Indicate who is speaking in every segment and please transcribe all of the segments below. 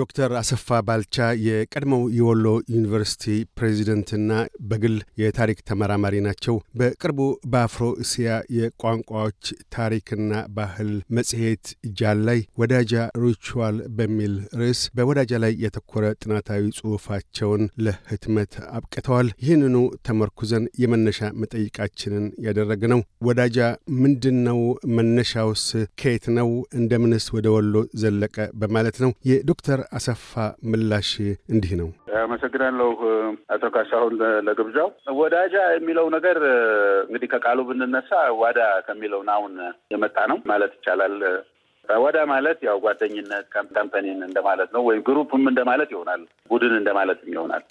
Speaker 1: ዶክተር አሰፋ ባልቻ የቀድሞው የወሎ ዩኒቨርሲቲ ፕሬዚደንትና በግል የታሪክ ተመራማሪ ናቸው። በቅርቡ በአፍሮ እስያ የቋንቋዎች ታሪክና ባህል መጽሔት ጃል ላይ ወዳጃ ሪቹዋል በሚል ርዕስ በወዳጃ ላይ ያተኮረ ጥናታዊ ጽሑፋቸውን ለህትመት አብቅተዋል። ይህንኑ ተመርኩዘን የመነሻ መጠይቃችንን ነው። ወዳጃ ምንድን ነው? መነሻውስ ከየት ነው? እንደምንስ ወደ ወሎ ዘለቀ በማለት ነው። የዶክተር አሰፋ ምላሽ እንዲህ ነው።
Speaker 2: አመሰግናለሁ አቶ ካሳሁን ለግብዣው። ወዳጃ የሚለው ነገር እንግዲህ ከቃሉ ብንነሳ ዋዳ ከሚለው ናውን የመጣ ነው ማለት ይቻላል። ወዳ ማለት ያው ጓደኝነት፣ ካምፓኒን እንደማለት ነው፣ ወይም ግሩፕም እንደማለት ይሆናል፣ ቡድን እንደማለትም ይሆናል።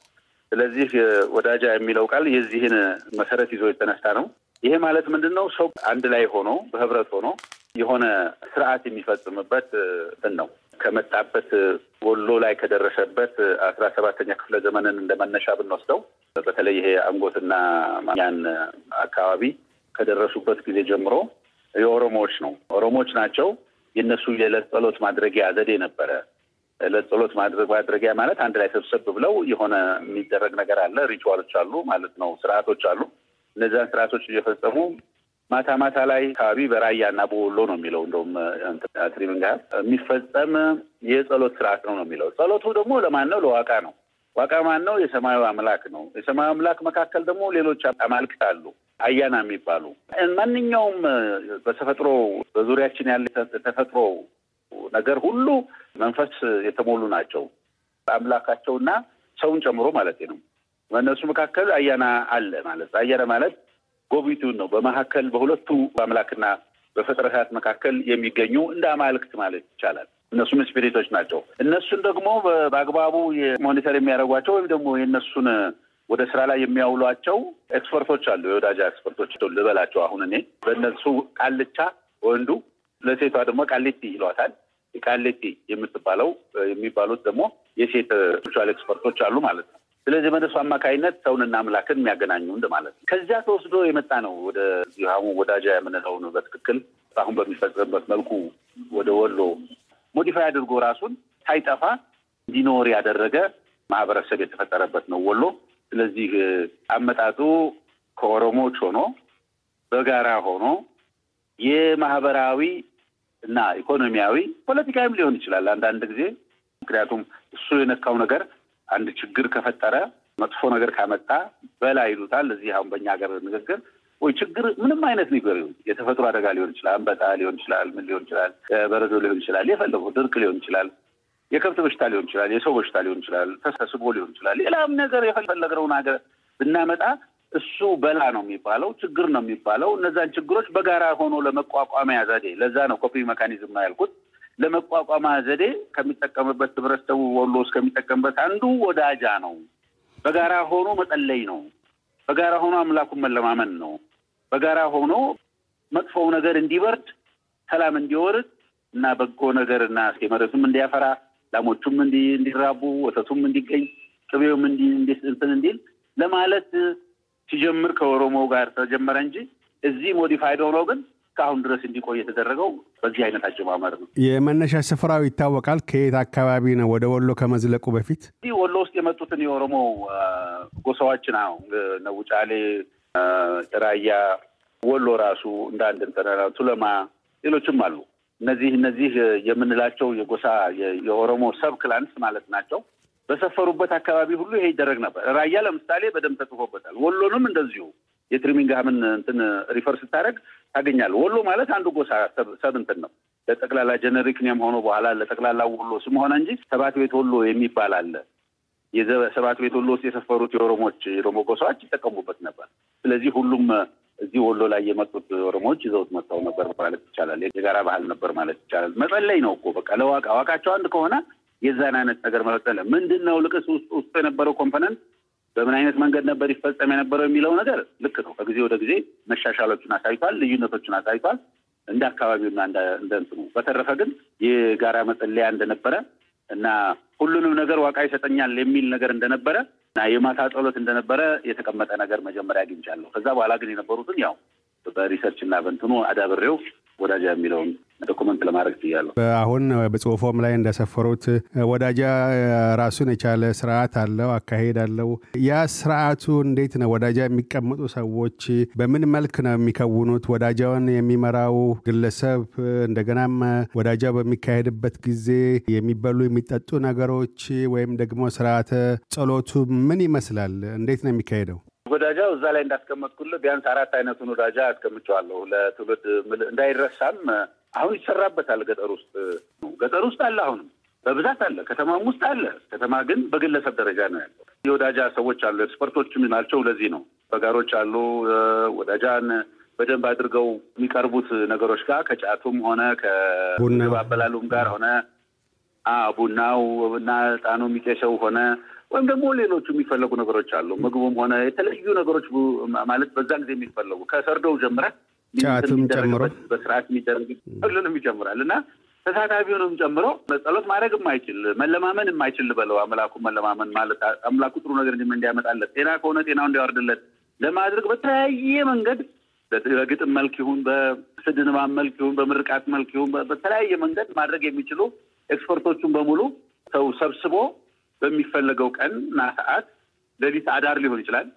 Speaker 2: ስለዚህ ወዳጃ የሚለው ቃል የዚህን መሰረት ይዞ የተነሳ ነው። ይሄ ማለት ምንድን ነው? ሰው አንድ ላይ ሆኖ በህብረት ሆኖ የሆነ ስርዓት የሚፈጽምበት እንትን ነው። ከመጣበት ወሎ ላይ ከደረሰበት አስራ ሰባተኛ ክፍለ ዘመንን እንደ መነሻ ብንወስደው በተለይ ይሄ አንጎትና ማያን አካባቢ ከደረሱበት ጊዜ ጀምሮ የኦሮሞዎች ነው። ኦሮሞዎች ናቸው። የእነሱ የዕለት ጸሎት ማድረጊያ ዘዴ ነበረ። ዕለት ጸሎት ማድረጊያ ማለት አንድ ላይ ሰብሰብ ብለው የሆነ የሚደረግ ነገር አለ። ሪቹዋሎች አሉ ማለት ነው። ስርዓቶች አሉ። እነዚያን ስርዓቶች እየፈጸሙ ማታ ማታ ላይ አካባቢ በራያና በወሎ ነው የሚለው እንደውም ትሪምንጋር የሚፈጸም የጸሎት ስርዓት ነው ነው የሚለው ጸሎቱ ደግሞ ለማን ነው? ለዋቃ ነው። ዋቃ ማን ነው? የሰማዩ አምላክ ነው። የሰማዩ አምላክ መካከል ደግሞ ሌሎች አማልክት አሉ አያና የሚባሉ ማንኛውም በተፈጥሮ በዙሪያችን ያለ የተፈጥሮ ነገር ሁሉ መንፈስ የተሞሉ ናቸው። አምላካቸውና ሰውን ጨምሮ ማለት ነው። በእነሱ መካከል አያና አለ ማለት አያና ማለት ጎቢቱን ነው። በመካከል በሁለቱ በአምላክና በፍጥረታት መካከል የሚገኙ እንደ አማልክት ማለት ይቻላል። እነሱም ስፒሪቶች ናቸው። እነሱን ደግሞ በአግባቡ ሞኒተር የሚያደርጓቸው ወይም ደግሞ የእነሱን ወደ ስራ ላይ የሚያውሏቸው ኤክስፐርቶች አሉ። የወዳጃ ኤክስፐርቶች ልበላቸው አሁን እኔ በእነሱ ቃልቻ ወንዱ፣ ለሴቷ ደግሞ ቃሊቲ ይሏታል። ቃሊቲ የምትባለው የሚባሉት ደግሞ የሴት ሴክሹዋል ኤክስፐርቶች አሉ ማለት ነው። ስለዚህ በነሱ አማካይነት ሰውንና አምላክን የሚያገናኙ ማለት ነው። ከዚያ ተወስዶ የመጣ ነው። ወደ ዚሃሙ ወዳጃ የምንለውን በትክክል አሁን በሚፈጸምበት መልኩ ወደ ወሎ ሞዲፋይ አድርጎ ራሱን ሳይጠፋ እንዲኖር ያደረገ ማህበረሰብ የተፈጠረበት ነው ወሎ። ስለዚህ አመጣጡ ከኦሮሞች ሆኖ በጋራ ሆኖ የማህበራዊ እና ኢኮኖሚያዊ ፖለቲካዊም ሊሆን ይችላል አንዳንድ ጊዜ ምክንያቱም እሱ የነካው ነገር አንድ ችግር ከፈጠረ መጥፎ ነገር ካመጣ በላይ ይሉታል። እዚህ አሁን በእኛ ሀገር ንግግር ወይ ችግር ምንም አይነት ነገር ይሁን የተፈጥሮ አደጋ ሊሆን ይችላል፣ አንበጣ ሊሆን ይችላል፣ ምን ሊሆን ይችላል፣ በረዶ ሊሆን ይችላል፣ የፈለጉ ድርቅ ሊሆን ይችላል፣ የከብት በሽታ ሊሆን ይችላል፣ የሰው በሽታ ሊሆን ይችላል፣ ተሰስቦ ሊሆን ይችላል፣ ሌላም ነገር የፈለግነውን ሀገር ብናመጣ እሱ በላ ነው የሚባለው፣ ችግር ነው የሚባለው። እነዛን ችግሮች በጋራ ሆኖ ለመቋቋሚያ ዘዴ ለዛ ነው ኮፒ መካኒዝም ያልኩት ለመቋቋማ ዘዴ ከሚጠቀምበት ህብረተሰቡ ወሎ እስከሚጠቀምበት ከሚጠቀምበት አንዱ ወዳጃ ነው። በጋራ ሆኖ መጸለይ ነው። በጋራ ሆኖ አምላኩን መለማመን ነው። በጋራ ሆኖ መጥፎው ነገር እንዲበርድ፣ ሰላም እንዲወርድ እና በጎ ነገርና መሬቱም እንዲያፈራ፣ ላሞቹም እንዲራቡ፣ ወተቱም እንዲገኝ፣ ቅቤውም እንትን እንዲል ለማለት ሲጀምር ከኦሮሞ ጋር ተጀመረ እንጂ እዚህ ሞዲፋይድ ሆኖ ግን እስካሁን ድረስ እንዲቆይ የተደረገው በዚህ አይነት አጀማመር ነው።
Speaker 1: የመነሻ ስፍራው ይታወቃል። ከየት አካባቢ ነው? ወደ ወሎ ከመዝለቁ በፊት
Speaker 2: እዚህ ወሎ ውስጥ የመጡትን የኦሮሞ ጎሳዎች ነው። ነውጫሌ፣ ራያ፣ ወሎ ራሱ እንደ አንድ ቱለማ፣ ሌሎችም አሉ። እነዚህ እነዚህ የምንላቸው የጎሳ የኦሮሞ ሰብ ክላንስ ማለት ናቸው። በሰፈሩበት አካባቢ ሁሉ ይሄ ይደረግ ነበር። ራያ ለምሳሌ በደንብ ተጽፎበታል። ወሎንም እንደዚሁ ምን እንትን ሪፈር ስታደርግ ታገኛለህ። ወሎ ማለት አንዱ ጎሳ ሰብንትን ነው ለጠቅላላ ጀነሪክኒየም ሆኖ በኋላ ለጠቅላላ ወሎ ስም ሆነ እንጂ ሰባት ቤት ወሎ የሚባል አለ። የሰባት ቤት ወሎ ውስጥ የሰፈሩት የኦሮሞች የኦሮሞ ጎሳዎች ይጠቀሙበት ነበር። ስለዚህ ሁሉም እዚህ ወሎ ላይ የመጡት ኦሮሞዎች ይዘውት መጥተው ነበር ማለት ይቻላል። የጋራ ባህል ነበር ማለት ይቻላል። መጸለይ ነው እኮ በቃ ለዋቃ ዋቃቸው አንድ ከሆነ የዛን አይነት ነገር መፈጠለ ምንድን ነው ልቅስ ውስጡ የነበረው ኮምፖነንት በምን አይነት መንገድ ነበር ይፈጸም የነበረው የሚለው ነገር ልክ ነው። ከጊዜ ወደ ጊዜ መሻሻሎችን አሳይቷል፣ ልዩነቶችን አሳይቷል እንደ አካባቢውና እንደ እንትኑ። በተረፈ ግን የጋራ መጠለያ እንደነበረ እና ሁሉንም ነገር ዋቃ ይሰጠኛል የሚል ነገር እንደነበረ እና የማታ ጸሎት እንደነበረ የተቀመጠ ነገር መጀመሪያ አግኝቻለሁ። ከዛ በኋላ ግን የነበሩትን ያው በሪሰርች እና በንትኑ አዳብሬው ወዳጃ የሚለውን ዶኩመንት ለማድረግ
Speaker 1: ትያለሁ። አሁን በጽሁፎም ላይ እንደሰፈሩት ወዳጃ ራሱን የቻለ ስርዓት አለው፣ አካሄድ አለው። ያ ስርዓቱ እንዴት ነው? ወዳጃ የሚቀመጡ ሰዎች በምን መልክ ነው የሚከውኑት? ወዳጃውን የሚመራው ግለሰብ እንደገናም ወዳጃው በሚካሄድበት ጊዜ የሚበሉ የሚጠጡ ነገሮች ወይም ደግሞ ስርዓተ ጸሎቱ ምን ይመስላል? እንዴት ነው የሚካሄደው?
Speaker 2: ወዳጃ እዛ ላይ እንዳስቀመጥኩልህ ቢያንስ አራት አይነቱን ወዳጃ አስቀምጨዋለሁ ለትውልድ እንዳይረሳም። አሁን ይሰራበታል ገጠር ውስጥ ገጠር ውስጥ አለ፣ አሁንም በብዛት አለ፣ ከተማም ውስጥ አለ። ከተማ ግን በግለሰብ ደረጃ ነው ያለው። የወዳጃ ሰዎች አሉ፣ ኤክስፐርቶችም ናቸው። ለዚህ ነው በጋሮች አሉ ወዳጃን በደንብ አድርገው የሚቀርቡት ነገሮች ጋር ከጫቱም ሆነ ከቡና አበላሉም ጋር ሆነ ቡናው እና እጣኑ የሚጤሰው ሆነ ወይም ደግሞ ሌሎቹ የሚፈለጉ ነገሮች አሉ። ምግቡም ሆነ የተለያዩ ነገሮች ማለት በዛ ጊዜ የሚፈለጉ ከሰርዶው ጀምረ በስርዓት የሚደረግ ሁሉንም ይጀምራል እና ተሳታፊውንም ጨምሮ ጸሎት ማድረግ የማይችል መለማመን የማይችል ልበለው አምላኩ መለማመን ማለት አምላኩ ጥሩ ነገር እንዲያመጣለት ጤና ከሆነ ጤናው እንዲያወርድለት ለማድረግ በተለያየ መንገድ በግጥም መልክ ይሁን፣ በስድንባ መልክ ይሁን፣ በምርቃት መልክ ይሁን በተለያየ መንገድ ማድረግ የሚችሉ ኤክስፐርቶቹን በሙሉ ሰው ሰብስቦ በሚፈለገው ቀን ና ሰዓት ሌሊት አዳር ሊሆን ይችላል።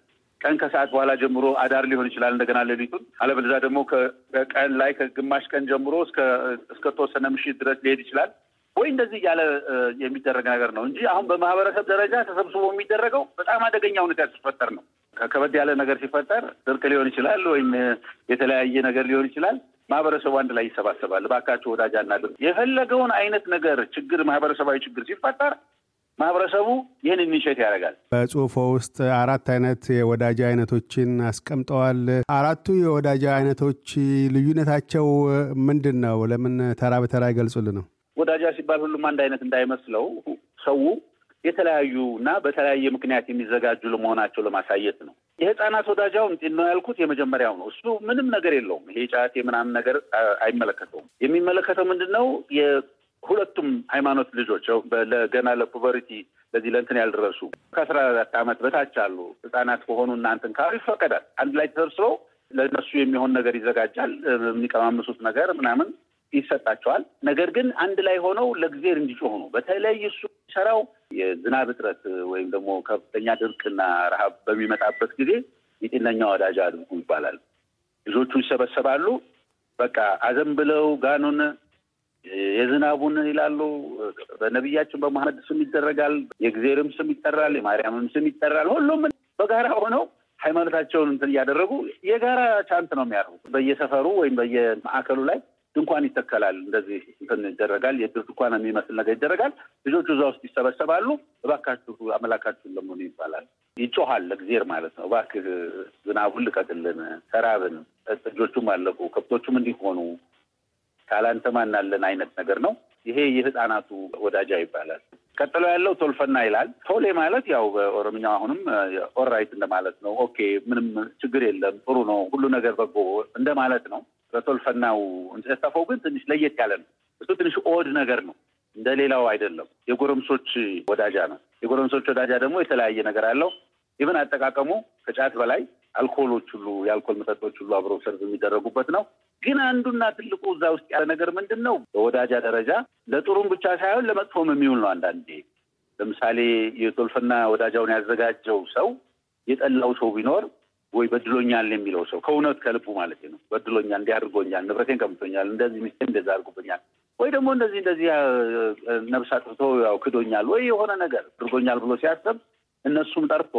Speaker 2: ቀን ከሰዓት በኋላ ጀምሮ አዳር ሊሆን ይችላል። እንደገና ሌሊቱን አለበለዚያ ደግሞ ከቀን ላይ ከግማሽ ቀን ጀምሮ እስከ ተወሰነ ምሽት ድረስ ሊሄድ ይችላል። ወይ እንደዚህ እያለ የሚደረግ ነገር ነው እንጂ አሁን በማህበረሰብ ደረጃ ተሰብስቦ የሚደረገው በጣም አደገኛ ሁኔታ ሲፈጠር ነው። ከበድ ያለ ነገር ሲፈጠር ድርቅ ሊሆን ይችላል፣ ወይም የተለያየ ነገር ሊሆን ይችላል። ማህበረሰቡ አንድ ላይ ይሰባሰባል። እባካችሁ ወዳጅ አናድርግ። የፈለገውን አይነት ነገር ችግር ማህበረሰባዊ ችግር ሲፈጠር ማህበረሰቡ ይህን ኢኒሼት ያደርጋል።
Speaker 1: በጽሁፎ ውስጥ አራት አይነት የወዳጅ አይነቶችን አስቀምጠዋል። አራቱ የወዳጅ አይነቶች ልዩነታቸው ምንድን ነው? ለምን ተራ በተራ ይገልጹልን ነው።
Speaker 2: ወዳጃ ሲባል ሁሉም አንድ አይነት እንዳይመስለው ሰው የተለያዩ እና በተለያየ ምክንያት የሚዘጋጁ ለመሆናቸው ለማሳየት ነው። የህፃናት ወዳጅ አሁን ነው ያልኩት የመጀመሪያው ነው። እሱ ምንም ነገር የለውም። ይሄ ጫት ምናምን ነገር አይመለከተውም። የሚመለከተው ምንድን ነው? የሁለቱም ሃይማኖት ልጆች ገና ለፖቨሪቲ ለዚህ ለእንትን ያልደረሱ ከአስራ አራት ዓመት በታች አሉ ህጻናት ከሆኑ እናንትን ካሉ ይፈቀዳል። አንድ ላይ ተሰብስበው ለእነሱ የሚሆን ነገር ይዘጋጃል። የሚቀማምሱት ነገር ምናምን ይሰጣቸዋል። ነገር ግን አንድ ላይ ሆነው ለጊዜር እንዲጮሁ በተለይ እሱ የሚሰራው የዝናብ እጥረት ወይም ደግሞ ከፍተኛ ድርቅና ረሃብ በሚመጣበት ጊዜ የጤነኛ ወዳጅ አድርጉ ይባላል። ልጆቹ ይሰበሰባሉ። በቃ አዘን ብለው ጋኑን የዝናቡን ይላሉ። በነቢያችን በመሐመድ ስም ይደረጋል። የእግዜርም ስም ይጠራል። የማርያምም ስም ይጠራል። ሁሉም በጋራ ሆነው ሃይማኖታቸውን እንትን እያደረጉ የጋራ ቻንት ነው የሚያደርጉ። በየሰፈሩ ወይም በየማዕከሉ ላይ ድንኳን ይተከላል፣ እንደዚህ እንትን ይደረጋል፣ ድንኳን የሚመስል ነገር ይደረጋል። ልጆቹ እዛ ውስጥ ይሰበሰባሉ። እባካችሁ አመላካችሁን ለመሆኑ ይባላል። ይጮሃል እግዜር ማለት ነው። እባክህ ዝናቡን ልቀቅልን፣ ተራብን፣ ጥጆቹም አለቁ፣ ከብቶቹም እንዲሆኑ ካላንተ ማናለን አይነት ነገር ነው። ይሄ የህፃናቱ ወዳጃ ይባላል። ቀጥሎ ያለው ቶልፈና ይላል። ቶሌ ማለት ያው በኦሮምኛው አሁንም ኦራይት እንደማለት ነው። ኦኬ ምንም ችግር የለም ጥሩ ነው ሁሉ ነገር በጎ እንደማለት ነው። በቶልፈናው እንጨት ግን ትንሽ ለየት ያለ ነው። እሱ ትንሽ ኦድ ነገር ነው፣ እንደ ሌላው አይደለም። የጎረምሶች ወዳጃ ነው። የጎረምሶች ወዳጃ ደግሞ የተለያየ ነገር አለው። ኢቨን አጠቃቀሙ ከጫት በላይ አልኮሎች ሁሉ የአልኮል መጠጦች ሁሉ አብረው ሰርቭ የሚደረጉበት ነው። ግን አንዱና ትልቁ እዛ ውስጥ ያለ ነገር ምንድን ነው? በወዳጃ ደረጃ ለጥሩም ብቻ ሳይሆን ለመጥፎም የሚውል ነው። አንዳንዴ ለምሳሌ የቶልፍና ወዳጃውን ያዘጋጀው ሰው የጠላው ሰው ቢኖር ወይ በድሎኛል የሚለው ሰው ከእውነት ከልቡ ማለት ነው። በድሎኛል፣ እንዲህ አድርጎኛል፣ ንብረቴን ቀምቶኛል፣ እንደዚህ ሚስቴ እንደዛ አድርጎብኛል፣ ወይ ደግሞ እንደዚህ እንደዚህ ነብስ አጥፍቶ ያው ክዶኛል፣ ወይ የሆነ ነገር አድርጎኛል ብሎ ሲያስብ እነሱም ጠርቶ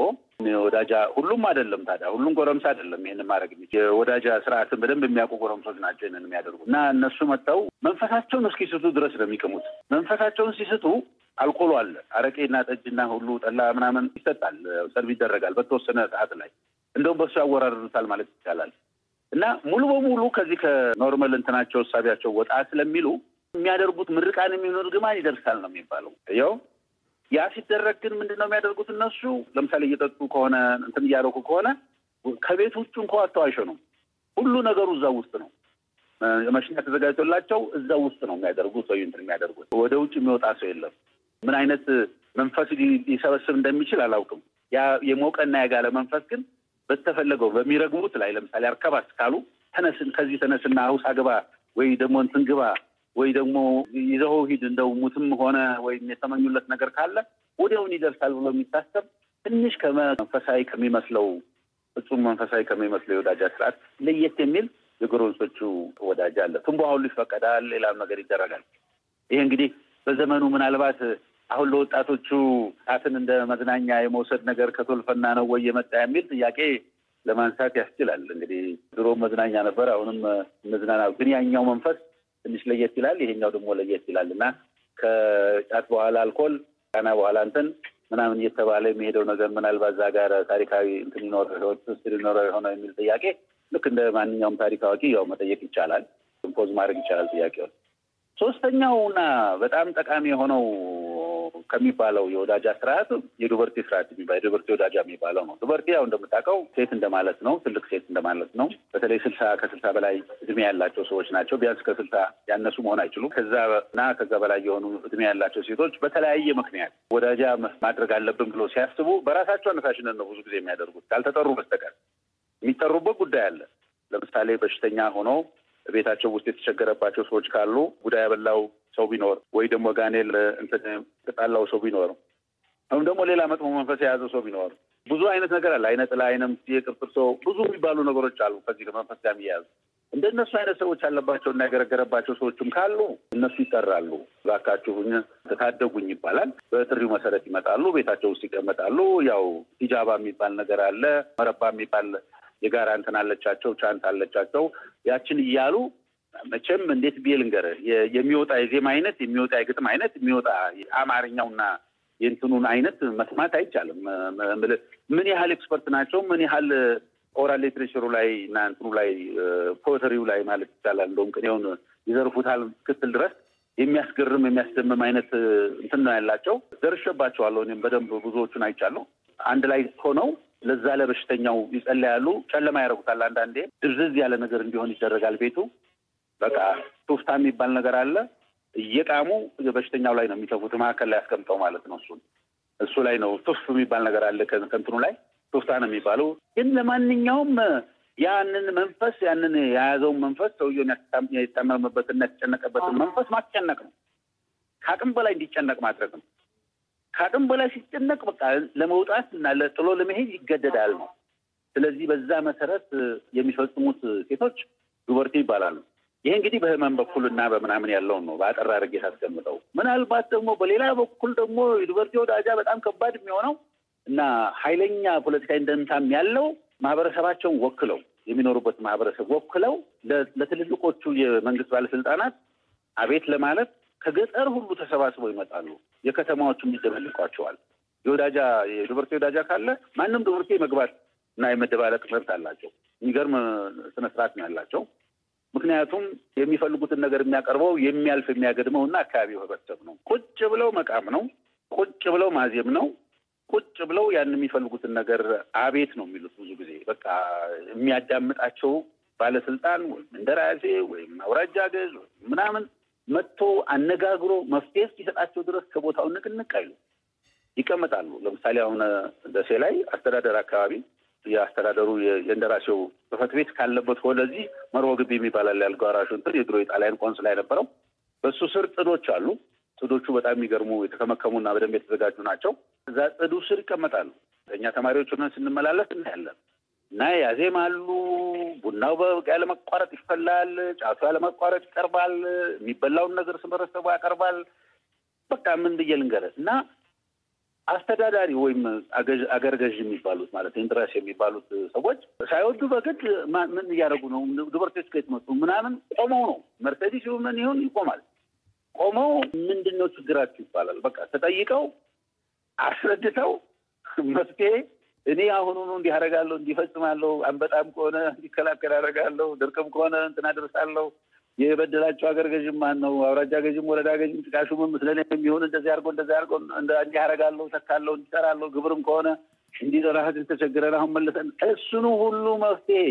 Speaker 2: ወዳጃ ሁሉም አይደለም ታዲያ ሁሉም ጎረምሳ አይደለም። ይህን ማድረግ የወዳጃ ስርዓትን በደንብ የሚያውቁ ጎረምሶች ናቸው ይንን የሚያደርጉ እና እነሱ መጥተው መንፈሳቸውን እስኪስቱ ድረስ ነው የሚቅሙት። መንፈሳቸውን ሲስቱ አልኮሎ አለ አረቄና ጠጅና ሁሉ ጠላ ምናምን ይሰጣል፣ ሰርቭ ይደረጋል በተወሰነ ሰዓት ላይ እንደውም በሱ ያወራርዱታል ማለት ይቻላል። እና ሙሉ በሙሉ ከዚህ ከኖርመል እንትናቸው እሳቢያቸው ወጣ ስለሚሉ የሚያደርጉት ምርቃን የሚሆን ግማን ይደርሳል ነው የሚባለው። ያው ያ ሲደረግ ግን ምንድን ነው የሚያደርጉት እነሱ ለምሳሌ እየጠጡ ከሆነ እንትን እያደረጉ ከሆነ ከቤት ውጭ እንኳ አተው ነው ሁሉ ነገሩ እዛ ውስጥ ነው። መሽኛ ተዘጋጅቶላቸው እዛ ውስጥ ነው የሚያደርጉት ወይ እንትን የሚያደርጉት። ወደ ውጭ የሚወጣ ሰው የለም። ምን አይነት መንፈስ ሊሰበስብ እንደሚችል አላውቅም። ያ የሞቀና የጋለ መንፈስ ግን በተፈለገው በሚረግቡት ላይ ለምሳሌ አርከባ ካሉ ተነስን ከዚህ ተነስና አውሳ ግባ ወይ ደግሞ እንትን ግባ ወይ ደግሞ ይዘው ሂድ እንደው ሙትም ሆነ ወይም የተመኙለት ነገር ካለ ወዲያውን ይደርሳል ብሎ የሚታሰብ ትንሽ ከመንፈሳዊ ከሚመስለው ፍጹም መንፈሳዊ ከሚመስለው የወዳጃ ስርዓት ለየት የሚል የጎረንሶቹ ወዳጃ አለ። ትንቧ ሁሉ ይፈቀዳል፣ ሌላም ነገር ይደረጋል። ይሄ እንግዲህ በዘመኑ ምናልባት አሁን ለወጣቶቹ ጣትን እንደ መዝናኛ የመውሰድ ነገር ከቶልፈና ነው ወይ የመጣ የሚል ጥያቄ ለማንሳት ያስችላል። እንግዲህ ድሮ መዝናኛ ነበር፣ አሁንም መዝናና፣ ግን ያኛው መንፈስ ትንሽ ለየት ይላል፣ ይሄኛው ደግሞ ለየት ይላል እና ከጫት በኋላ አልኮል ጫና በኋላ እንትን ምናምን እየተባለ የሚሄደው ነገር ምናልባት እዛ ጋር ታሪካዊ እንትን ሊኖረዎች ውስጥ ሊኖረ የሆነው የሚል ጥያቄ ልክ እንደ ማንኛውም ታሪክ አዋቂ ያው መጠየቅ ይቻላል፣ ፖዝ ማድረግ ይቻላል ጥያቄውን። ሶስተኛውና በጣም ጠቃሚ የሆነው ከሚባለው የወዳጃ ስርዓት የዱበርቴ ስርዓት የሚባለው የዱበርቴ ወዳጃ የሚባለው ነው። ዱበርቴ ያው እንደምታውቀው ሴት እንደማለት ነው። ትልቅ ሴት እንደማለት ነው። በተለይ ስልሳ ከስልሳ በላይ እድሜ ያላቸው ሰዎች ናቸው። ቢያንስ ከስልሳ ያነሱ መሆን አይችሉም። ከዛ እና ከዛ በላይ የሆኑ እድሜ ያላቸው ሴቶች በተለያየ ምክንያት ወዳጃ ማድረግ አለብን ብሎ ሲያስቡ በራሳቸው አነሳሽነት ነው ብዙ ጊዜ የሚያደርጉት ካልተጠሩ በስተቀር የሚጠሩበት ጉዳይ አለ። ለምሳሌ በሽተኛ ሆኖ ቤታቸው ውስጥ የተቸገረባቸው ሰዎች ካሉ ጉዳይ ያበላው ሰው ቢኖር ወይ ደግሞ ጋኔል እንትን ሰው ቢኖር ወይም ደግሞ ሌላ መጥፎ መንፈስ የያዘው ሰው ቢኖር ብዙ አይነት ነገር አለ። አይነ ጥላ፣ አይነ የቅርጥር ሰው ብዙ የሚባሉ ነገሮች አሉ። ከዚህ መንፈስ ጋር የሚያያዙ እንደነሱ አይነት ሰዎች ያለባቸው እና ያገረገረባቸው ሰዎችም ካሉ እነሱ ይጠራሉ። እባካችሁኝ ታደጉኝ ይባላል። በጥሪው መሰረት ይመጣሉ። ቤታቸው ውስጥ ይቀመጣሉ። ያው ሂጃባ የሚባል ነገር አለ። መረባ የሚባል የጋራ እንትን አለቻቸው፣ ቻንት አለቻቸው። ያችን እያሉ መቼም እንዴት ብዬ ልንገርህ የሚወጣ የዜማ አይነት የሚወጣ የግጥም አይነት የሚወጣ አማርኛውና የእንትኑን አይነት መስማት አይቻልም። ምን ያህል ኤክስፐርት ናቸው፣ ምን ያህል ኦራል ሊትሬቸሩ ላይ እና እንትኑ ላይ ፖተሪው ላይ ማለት ይቻላል እንደውም ቅኔውን ይዘርፉታል ክትል ድረስ የሚያስገርም የሚያስደምም አይነት እንትን ነው ያላቸው። ደርሸባቸዋለሁ እኔም በደንብ ብዙዎቹን አይቻለሁ። አንድ ላይ ሆነው ለዛ ለበሽተኛው ይጸለያሉ። ጨለማ ያደርጉታል። አንዳንዴ ድብዝዝ ያለ ነገር እንዲሆን ይደረጋል ቤቱ። በቃ ቱፍታ የሚባል ነገር አለ። እየቃሙ በሽተኛው ላይ ነው የሚተፉት። መካከል ላይ አስቀምጠው ማለት ነው። እሱን እሱ ላይ ነው ቱፍ የሚባል ነገር አለ። ከንትኑ ላይ ቱፍታ ነው የሚባለው። ግን ለማንኛውም ያንን መንፈስ ያንን የያዘውን መንፈስ ሰውየውን የታመመበትና የተጨነቀበትን መንፈስ ማስጨነቅ ነው። ከአቅም በላይ እንዲጨነቅ ማድረግ ነው። ከአቅም በላይ ሲጨነቅ በቃ ለመውጣት እና ጥሎ ለመሄድ ይገደዳል ነው። ስለዚህ በዛ መሰረት የሚፈጽሙት ሴቶች ዱበርቲ ይባላሉ። ይህ እንግዲህ በህመም በኩል እና በምናምን ያለውን ነው በአጠር አድርጌ ሳስቀምጠው። ምናልባት ደግሞ በሌላ በኩል ደግሞ ዱበርቴ ወዳጃ በጣም ከባድ የሚሆነው እና ኃይለኛ ፖለቲካዊ እንደምታም ያለው ማህበረሰባቸውን ወክለው የሚኖሩበት ማህበረሰብ ወክለው ለትልልቆቹ የመንግስት ባለስልጣናት አቤት ለማለት ከገጠር ሁሉ ተሰባስበው ይመጣሉ። የከተማዎቹም ይደበልቋቸዋል። የወዳጃ የዱበርቴ ወዳጃ ካለ ማንም ዱበርቴ መግባት እና የመደባለቅ መብት አላቸው። የሚገርም ስነስርዓት ነው ያላቸው። ምክንያቱም የሚፈልጉትን ነገር የሚያቀርበው የሚያልፍ የሚያገድመው እና አካባቢው ህብረተሰብ ነው። ቁጭ ብለው መቃም ነው። ቁጭ ብለው ማዜም ነው። ቁጭ ብለው ያን የሚፈልጉትን ነገር አቤት ነው የሚሉት። ብዙ ጊዜ በቃ የሚያዳምጣቸው ባለስልጣን ወይም እንደራሴ ወይም አውራጃ ገዥ ወይም ምናምን መጥቶ አነጋግሮ መፍትሄ እስኪሰጣቸው ድረስ ከቦታው ንቅንቅ አይሉ ይቀመጣሉ። ለምሳሌ አሁን ደሴ ላይ አስተዳደር አካባቢ የአስተዳደሩ የእንደራሴው ጽሕፈት ቤት ካለበት ወደዚህ መርወ ግቢ የሚባላል ያልጓራሹ ወራሹ እንትን የድሮ የጣሊያን ቆንስላ የነበረው በእሱ ስር ጥዶች አሉ። ጥዶቹ በጣም የሚገርሙ የተከመከሙና በደንብ የተዘጋጁ ናቸው። እዛ ጥዱ ስር ይቀመጣሉ። እኛ ተማሪዎች ሆነን ስንመላለስ እናያለን። እና ያዜማሉ። ቡናው ያለመቋረጥ ይፈላል። ጫቱ ያለመቋረጥ ይቀርባል። የሚበላውን ነገር ስበረሰቡ ያቀርባል። በቃ ምን ብዬ ልንገርህ እና አስተዳዳሪ ወይም አገር ገዥ የሚባሉት ማለት ኢንትራስ የሚባሉት ሰዎች ሳይወዱ በግድ ምን እያደረጉ ነው? ዱበርቴዎች ከየት መጡ? ምናምን ቆመው ነው መርሴዲስ ምን ይሁን ይቆማል። ቆመው ምንድን ነው ችግራችሁ ይባላል። በቃ ተጠይቀው አስረድተው መፍትሄ እኔ አሁኑኑ እንዲህ አደርጋለሁ እንዲፈጽማለሁ፣ አንበጣም ከሆነ እንዲከላከል አደርጋለሁ፣ ድርቅም ከሆነ እንትን አደርሳለሁ፣ የበደላቸው ሀገር ገዥም ማን ነው አውራጃ ገዥም ወረዳ ገዥም ጥቃሹምም ምስለን የሚሆን እንደዚህ አድርጎ እንደዚህ አድርጎ እንዲህ አደርጋለሁ፣ እተካለሁ፣ እንዲሰራለሁ፣ ግብርም ከሆነ እንዲጠራህት ተቸግረን አሁን መለሰን እሱኑ ሁሉ መፍትሄ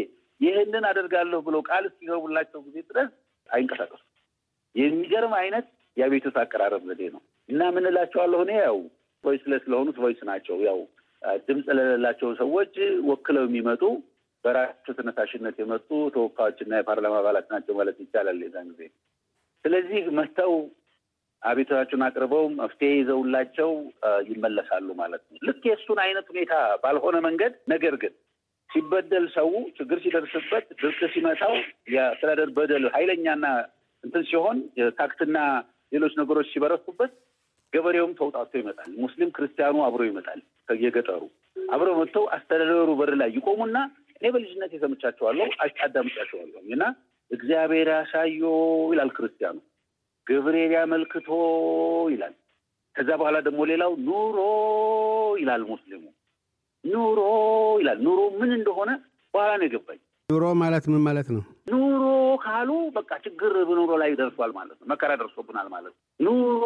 Speaker 2: ይህንን አደርጋለሁ ብሎ ቃል እስኪገቡላቸው ጊዜ ድረስ አይንቀሳቀሱ የሚገርም አይነት የአቤቱታ አቀራረብ ዘዴ ነው እና ምንላቸዋለሁ እኔ ያው ቮይስለስ ለሆኑት ቮይስ ናቸው ያው ድምፅ ለሌላቸው ሰዎች ወክለው የሚመጡ በራሳቸው ተነሳሽነት የመጡ ተወካዮችና የፓርላማ አባላት ናቸው ማለት ይቻላል የዛን ጊዜ። ስለዚህ መጥተው አቤቱታቸውን አቅርበው መፍትሄ ይዘውላቸው ይመለሳሉ ማለት ነው። ልክ የእሱን አይነት ሁኔታ ባልሆነ መንገድ ነገር ግን ሲበደል ሰው ችግር ሲደርስበት ድርቅ ሲመታው የአስተዳደር በደል ኃይለኛና እንትን ሲሆን ታክትና ሌሎች ነገሮች ሲበረቱበት ገበሬውም ተውጣቶ ይመጣል። ሙስሊም ክርስቲያኑ አብሮ ይመጣል። የገጠሩ አብሮ መጥተው አስተዳደሩ በር ላይ ይቆሙና እኔ በልጅነት የሰምቻቸዋለሁ አዳምጫቸዋለሁ እና እግዚአብሔር ያሳዮ ይላል ክርስቲያኑ፣ ገብርኤል ያመልክቶ ይላል። ከዛ በኋላ ደግሞ ሌላው ኑሮ ይላል ሙስሊሙ። ኑሮ ይላል። ኑሮ ምን እንደሆነ በኋላ ነው የገባኝ።
Speaker 1: ኑሮ ማለት ምን ማለት ነው?
Speaker 2: ኑሮ ካሉ በቃ ችግር በኑሮ ላይ ደርሷል ማለት ነው። መከራ ደርሶብናል ማለት ነው። ኑሮ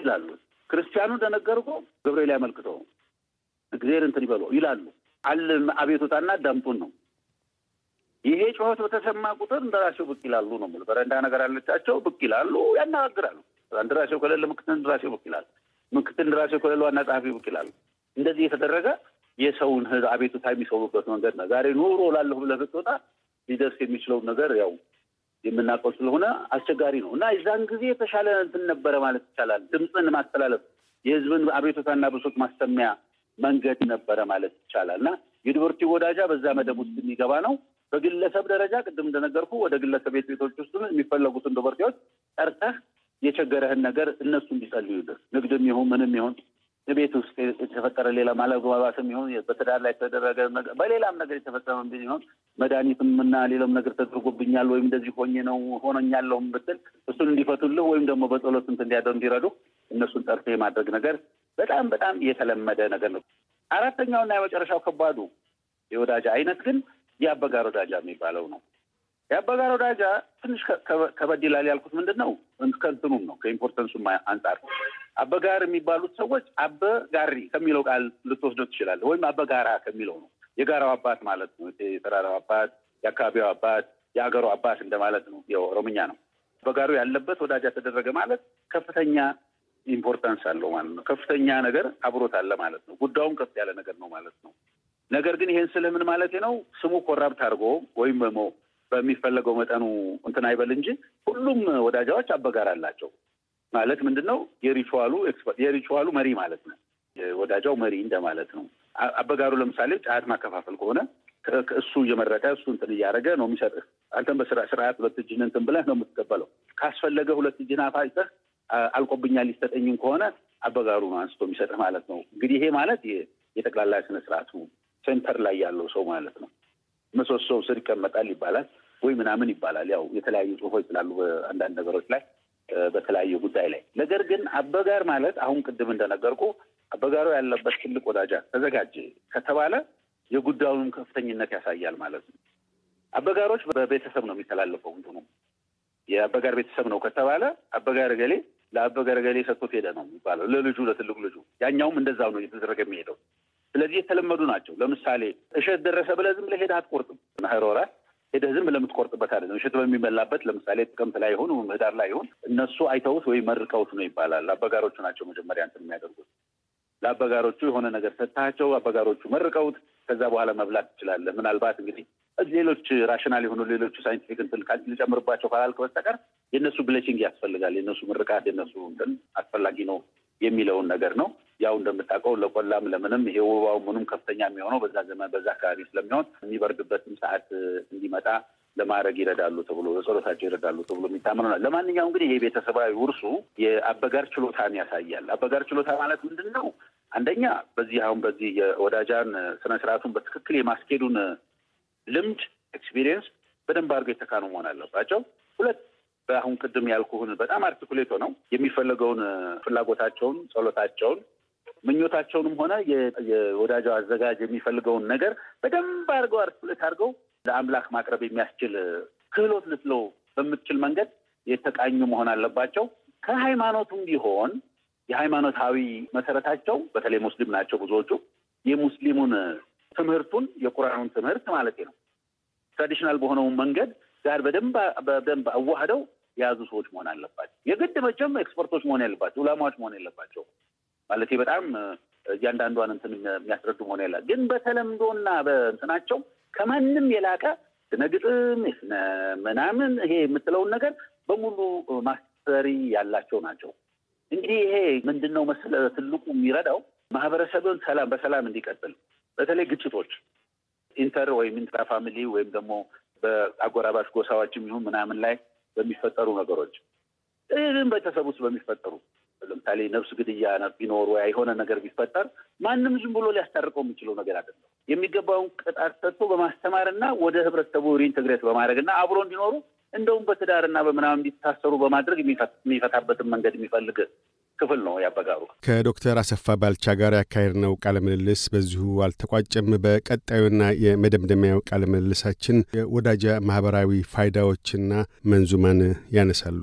Speaker 2: ይላሉ ክርስቲያኑ እንደነገርኩ ገብርኤል ያመልክተው እግዚአብሔር እንትን ይበሎ ይላሉ አለ አቤቱታና ዳምጡን ነው። ይሄ ጩኸት በተሰማ ቁጥር እንደራሴው ብቅ ይላሉ ነው የምልህ። በረንዳ ነገር አለቻቸው ብቅ ይላሉ፣ ያነጋግራሉ። እንደራሴው ከሌለ ምክትል እንደራሴው ብቅ ይላል። ምክትል እንደራሴው ከሌለ ዋና ጸሐፊ ብቅ ይላሉ። እንደዚህ የተደረገ የሰውን አቤቱታ የሚሰሩበት መንገድ ነው። ዛሬ ኖሮ ላለሁ ብለህ ብትወጣ ሊደርስ የሚችለው ነገር ያው የምናውቀው ስለሆነ አስቸጋሪ ነው እና የዛን ጊዜ የተሻለ እንትን ነበረ ማለት ይቻላል። ድምፅን ማስተላለፍ የህዝብን አቤቱታና ብሶት ማሰሚያ መንገድ ነበረ ማለት ይቻላል እና ዩኒቨርሲቲ ወዳጃ በዛ መደብ ውስጥ የሚገባ ነው። በግለሰብ ደረጃ ቅድም እንደነገርኩ ወደ ግለሰብ ቤት ቤቶች ውስጥ የሚፈለጉትን ዩኒቨርሲቲዎች ጠርተህ የቸገረህን ነገር እነሱ እንዲጸልዩልህ ንግድም ይሁን ምንም ይሁን ቤት ውስጥ የተፈጠረ ሌላ ማለግባባት የሚሆን በትዳር ላይ የተደረገ በሌላም ነገር የተፈጸመ ቢሆን መድኃኒትም እና ሌላም ነገር ተደርጎብኛል ወይም እንደዚህ ሆኜ ነው ሆኖኛለሁም ብትል እሱን እንዲፈቱልህ ወይም ደግሞ በጸሎት እንትን እንዲያደርጉ እንዲረዱ እነሱን ጠርቶ የማድረግ ነገር በጣም በጣም የተለመደ ነገር ነው። አራተኛውና የመጨረሻው ከባዱ የወዳጃ አይነት ግን የአበጋር ወዳጃ የሚባለው ነው። የአበጋር ወዳጃ ትንሽ ከበድ ይላል ያልኩት ምንድን ነው ከንትኑም ነው ከኢምፖርተንሱም አንጻር አበጋር የሚባሉት ሰዎች አበ ጋሪ ከሚለው ቃል ልትወስደው ትችላለ ወይም አበጋራ ከሚለው ነው። የጋራው አባት ማለት ነው። የተራራው አባት፣ የአካባቢው አባት፣ የአገሩ አባት እንደማለት ነው። የኦሮምኛ ነው። በጋሩ ያለበት ወዳጅ ተደረገ ማለት ከፍተኛ ኢምፖርታንስ አለው ማለት ነው። ከፍተኛ ነገር አብሮት አለ ማለት ነው። ጉዳዩም ከፍ ያለ ነገር ነው ማለት ነው። ነገር ግን ይሄን ስልህ ምን ማለት ነው? ስሙ ኮራፕት አድርጎ ወይም ደግሞ በሚፈለገው መጠኑ እንትን አይበል እንጂ ሁሉም ወዳጃዎች አበጋር አላቸው። ማለት ምንድን ነው? የሪቹዋሉ የሪቹዋሉ መሪ ማለት ነው። የወዳጃው መሪ እንደማለት ነው። አበጋሩ ለምሳሌ ጫት ማከፋፈል ከሆነ እሱ እየመረቀ እሱ እንትን እያደረገ ነው የሚሰጥህ። አንተም ስርዓት ሁለት እጅን እንትን ብለህ ነው የምትቀበለው። ካስፈለገ ሁለት እጅን አፋጭተህ አልቆብኛ ሊሰጠኝም ከሆነ አበጋሩ ነው አንስቶ የሚሰጥህ ማለት ነው። እንግዲህ ይሄ ማለት የጠቅላላ ስነስርዓቱ ሴንተር ላይ ያለው ሰው ማለት ነው። ምሰሶው ስር ይቀመጣል ይባላል ወይ ምናምን ይባላል። ያው የተለያዩ ጽሁፎች ስላሉ በአንዳንድ ነገሮች ላይ በተለያየ ጉዳይ ላይ ነገር ግን አበጋር ማለት አሁን ቅድም እንደነገርኩ አበጋሩ ያለበት ትልቅ ወዳጃ ተዘጋጀ ከተባለ የጉዳዩን ከፍተኝነት ያሳያል ማለት ነው። አበጋሮች በቤተሰብ ነው የሚተላለፈው። እንትኑ የአበጋር ቤተሰብ ነው ከተባለ አበጋር ገሌ ለአበጋር ገሌ ሰጥቶት ሄደ ነው የሚባለው ለልጁ ለትልቅ ልጁ። ያኛውም እንደዛ ነው እየተደረገ የሚሄደው። ስለዚህ የተለመዱ ናቸው። ለምሳሌ እሸት ደረሰ ብለህ ዝም ብለህ ሄደህ አትቆርጥም። ምህሮራ ሄደህ ዝም ለምትቆርጥበት አይደለም። እሸት በሚመላበት ለምሳሌ ጥቅምት ላይ ይሁን ህዳር ላይ ይሁን እነሱ አይተውት ወይ መርቀውት ነው ይባላል። አበጋሮቹ ናቸው መጀመሪያ እንትን የሚያደርጉት። ለአበጋሮቹ የሆነ ነገር ሰታቸው አበጋሮቹ መርቀውት ከዛ በኋላ መብላት ትችላለህ። ምናልባት እንግዲህ ሌሎች ራሽናል የሆኑ ሌሎቹ ሳይንቲፊክ እንትን ሊጨምርባቸው ካላልክ በስተቀር የእነሱ ብሌሲንግ ያስፈልጋል። የእነሱ ምርቃት፣ የእነሱ እንትን አስፈላጊ ነው የሚለውን ነገር ነው። ያው እንደምታውቀው ለቆላም ለምንም ይሄ ወባው ምኑም ከፍተኛ የሚሆነው በዛ ዘመን በዛ አካባቢ ስለሚሆን የሚበርግበትም ሰዓት እንዲመጣ ለማድረግ ይረዳሉ ተብሎ በጸሎታቸው ይረዳሉ ተብሎ የሚታመኑ ለማንኛውም እንግዲህ ይህ ቤተሰባዊ ውርሱ የአበጋር ችሎታን ያሳያል። አበጋር ችሎታ ማለት ምንድን ነው? አንደኛ በዚህ አሁን በዚህ የወዳጃን ስነስርዓቱን በትክክል የማስኬዱን ልምድ ኤክስፒሪየንስ በደንብ አድርገው የተካኑ መሆን አለባቸው። ሁለት በአሁን ቅድም ያልኩህን በጣም አርቲኩሌቶ ነው የሚፈለገውን ፍላጎታቸውን፣ ጸሎታቸውን፣ ምኞታቸውንም ሆነ የወዳጃው አዘጋጅ የሚፈልገውን ነገር በደንብ አድርገው አርቲኩሌት አድርገው ለአምላክ ማቅረብ የሚያስችል ክህሎት ልትለው በምትችል መንገድ የተቃኙ መሆን አለባቸው። ከሃይማኖቱም ቢሆን የሃይማኖታዊ መሰረታቸው በተለይ ሙስሊም ናቸው ብዙዎቹ። የሙስሊሙን ትምህርቱን የቁርአኑን ትምህርት ማለት ነው ትራዲሽናል በሆነውን መንገድ ጋር በደንብ በደንብ አዋህደው የያዙ ሰዎች መሆን አለባቸው። የግድ መቼም ኤክስፐርቶች መሆን ያለባቸው ዑላማዎች መሆን የለባቸው ማለት በጣም እያንዳንዷን እንትን የሚያስረዱ መሆን ያለ ግን በተለምዶና በእንትናቸው ከማንም የላቀ ስነ ግጥም ስነ ምናምን ይሄ የምትለውን ነገር በሙሉ ማስተሪ ያላቸው ናቸው። እንግዲህ ይሄ ምንድን ነው ትልቁ የሚረዳው ማህበረሰብን ሰላም በሰላም እንዲቀጥል በተለይ ግጭቶች ኢንተር ወይም ኢንትራ ፋሚሊ ወይም ደግሞ በአጎራባሽ ጎሳዎችም ይሁን ምናምን ላይ በሚፈጠሩ ነገሮች ግን ቤተሰብ ውስጥ በሚፈጠሩ ለምሳሌ ነብስ ግድያ ቢኖር ወይ የሆነ ነገር ቢፈጠር ማንም ዝም ብሎ ሊያስታርቀው የሚችለው ነገር አይደለም። የሚገባውን ቅጣት ሰጥቶ በማስተማርና ወደ ህብረተሰቡ ሪኢንትግሬት በማድረግ በማድረግና አብሮ እንዲኖሩ እንደውም በትዳርና በምናምን እንዲታሰሩ በማድረግ የሚፈታበትን መንገድ የሚፈልግ ክፍል ነው ያበጋሩ።
Speaker 1: ከዶክተር አሰፋ ባልቻ ጋር ያካሄድነው ቃለ ምልልስ በዚሁ አልተቋጨም። በቀጣዩና የመደምደሚያው ቃለ ምልልሳችን የወዳጃ ማህበራዊ ፋይዳዎችና መንዙማን ያነሳሉ።